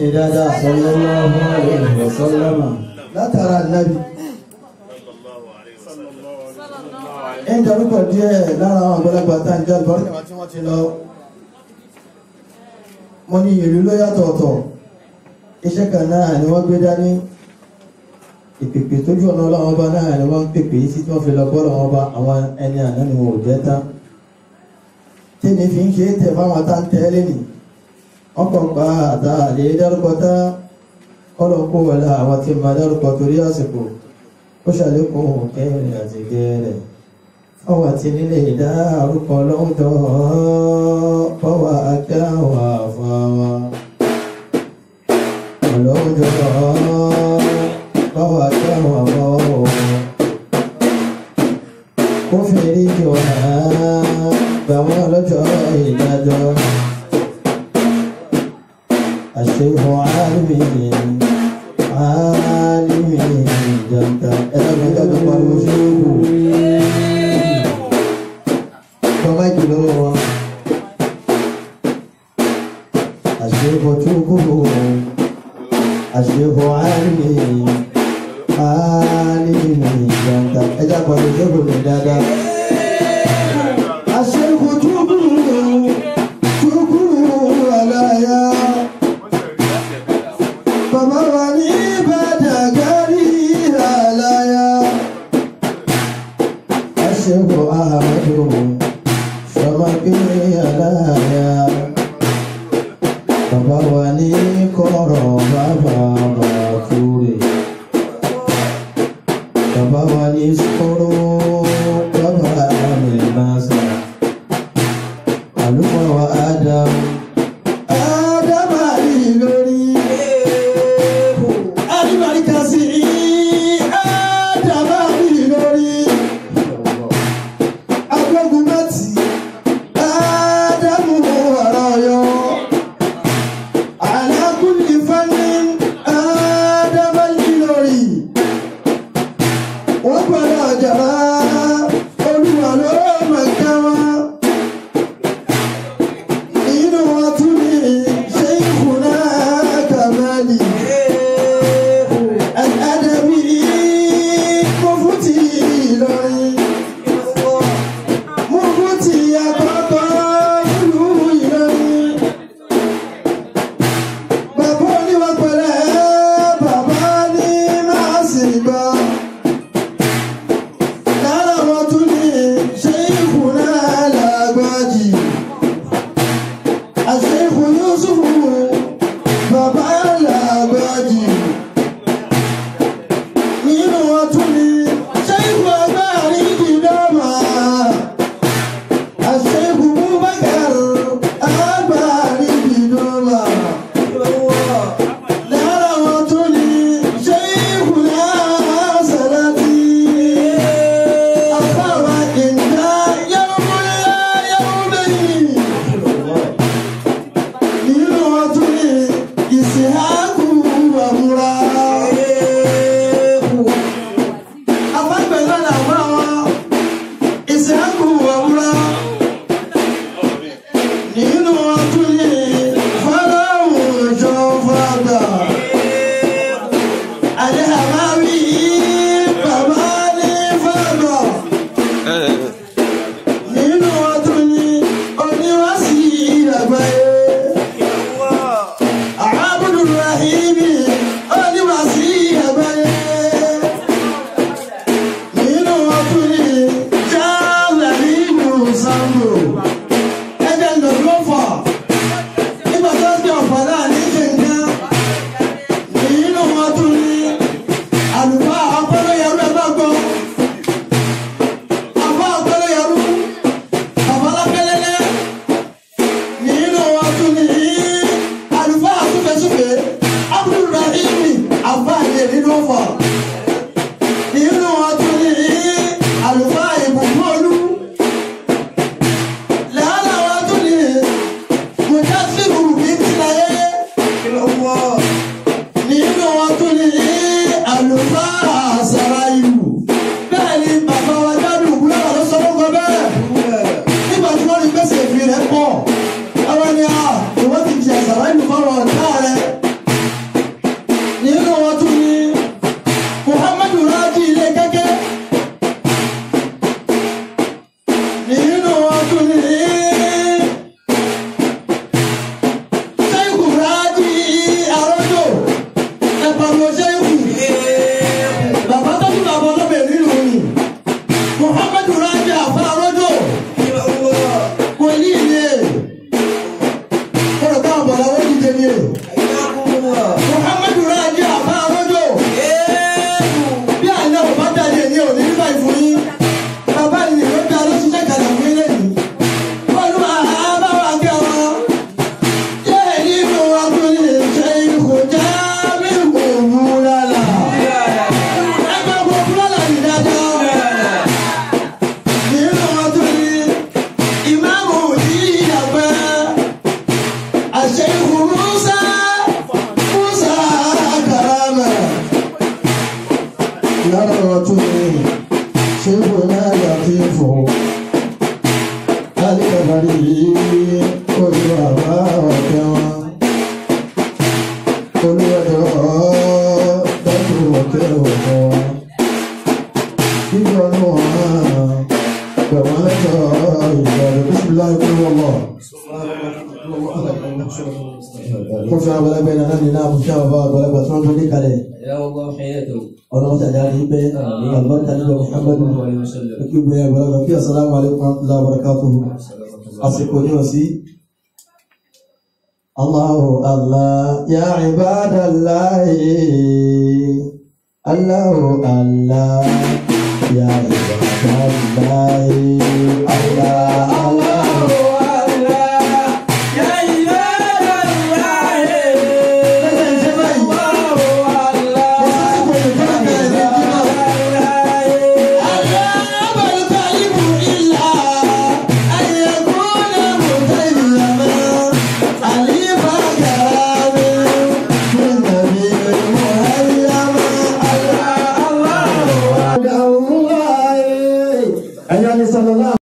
ìdádá sallallahu alaihi wa sallama látara nábì ń darúkọ díẹ̀ lára àwọn àgbàlagbà tá ń jáde bọ́rí tí wọ́n ti lọ mo ní ìlú ló yàtọ̀ọ̀tọ̀ iṣẹ́ kan náà ni wọ́n gbé dání ìpèpè tójú ọ̀nà ọlọ́wọ́n bá náà ni wọ́n pèpè sí tí wọ́n fi lọ bọ́ọ̀lù wọn bá àwọn ẹni àná ni wọn ò jẹ́ tán tèmi fi ń ṣe é tẹ̀ fáwọn tá ń tẹ́ lẹ́nìí ọkọ̀ọ̀pá àtàlẹ́ dárúkọtá ọlọ́kú wọlé àwọn tí ma dárúkọ torí àsìkò ó ṣàlékún kẹrin àti gẹ́rẹ̀ ọwà tí nílé ìdá àrùkọ lọ́dọ̀ ọwà akáwà fáwà ọlọ́dọ̀ ọwà akáwà fáwà kó fèrè jọ àá gbàmọ́ lọ́jọ́ ìdájọ́ àṣehàn alimi alimi janta ẹlẹ́gbẹ̀ẹ́ jáde pariwo ṣéwù bàbá ìjìnlẹ̀ wọn àṣehàn tókòrò àṣehàn alimi alimi janta ẹjá pariwo ṣéwù mi dáadáa. فؤادهم فبقي لايا bàbá wa ní kọ̀rọ̀ bàbá bàkúrè bàbá wa ní sọ̀rọ̀. saudade Brasil! kófin àwọn ẹgbẹ́ náà ní náà kófin àwọn bàbá àgbàlagbà tó ń gbé kalẹ̀. ọlọ́run tàjà ní pé àlùbáríkà nílò muhammadu kí gbé àgbàlagbà kí asalaamu alaykum wa barakatuhu àsìkò ní òsì. Allahu Allah ya ibadallahi Allahu Allah ya ibadallahi Allah.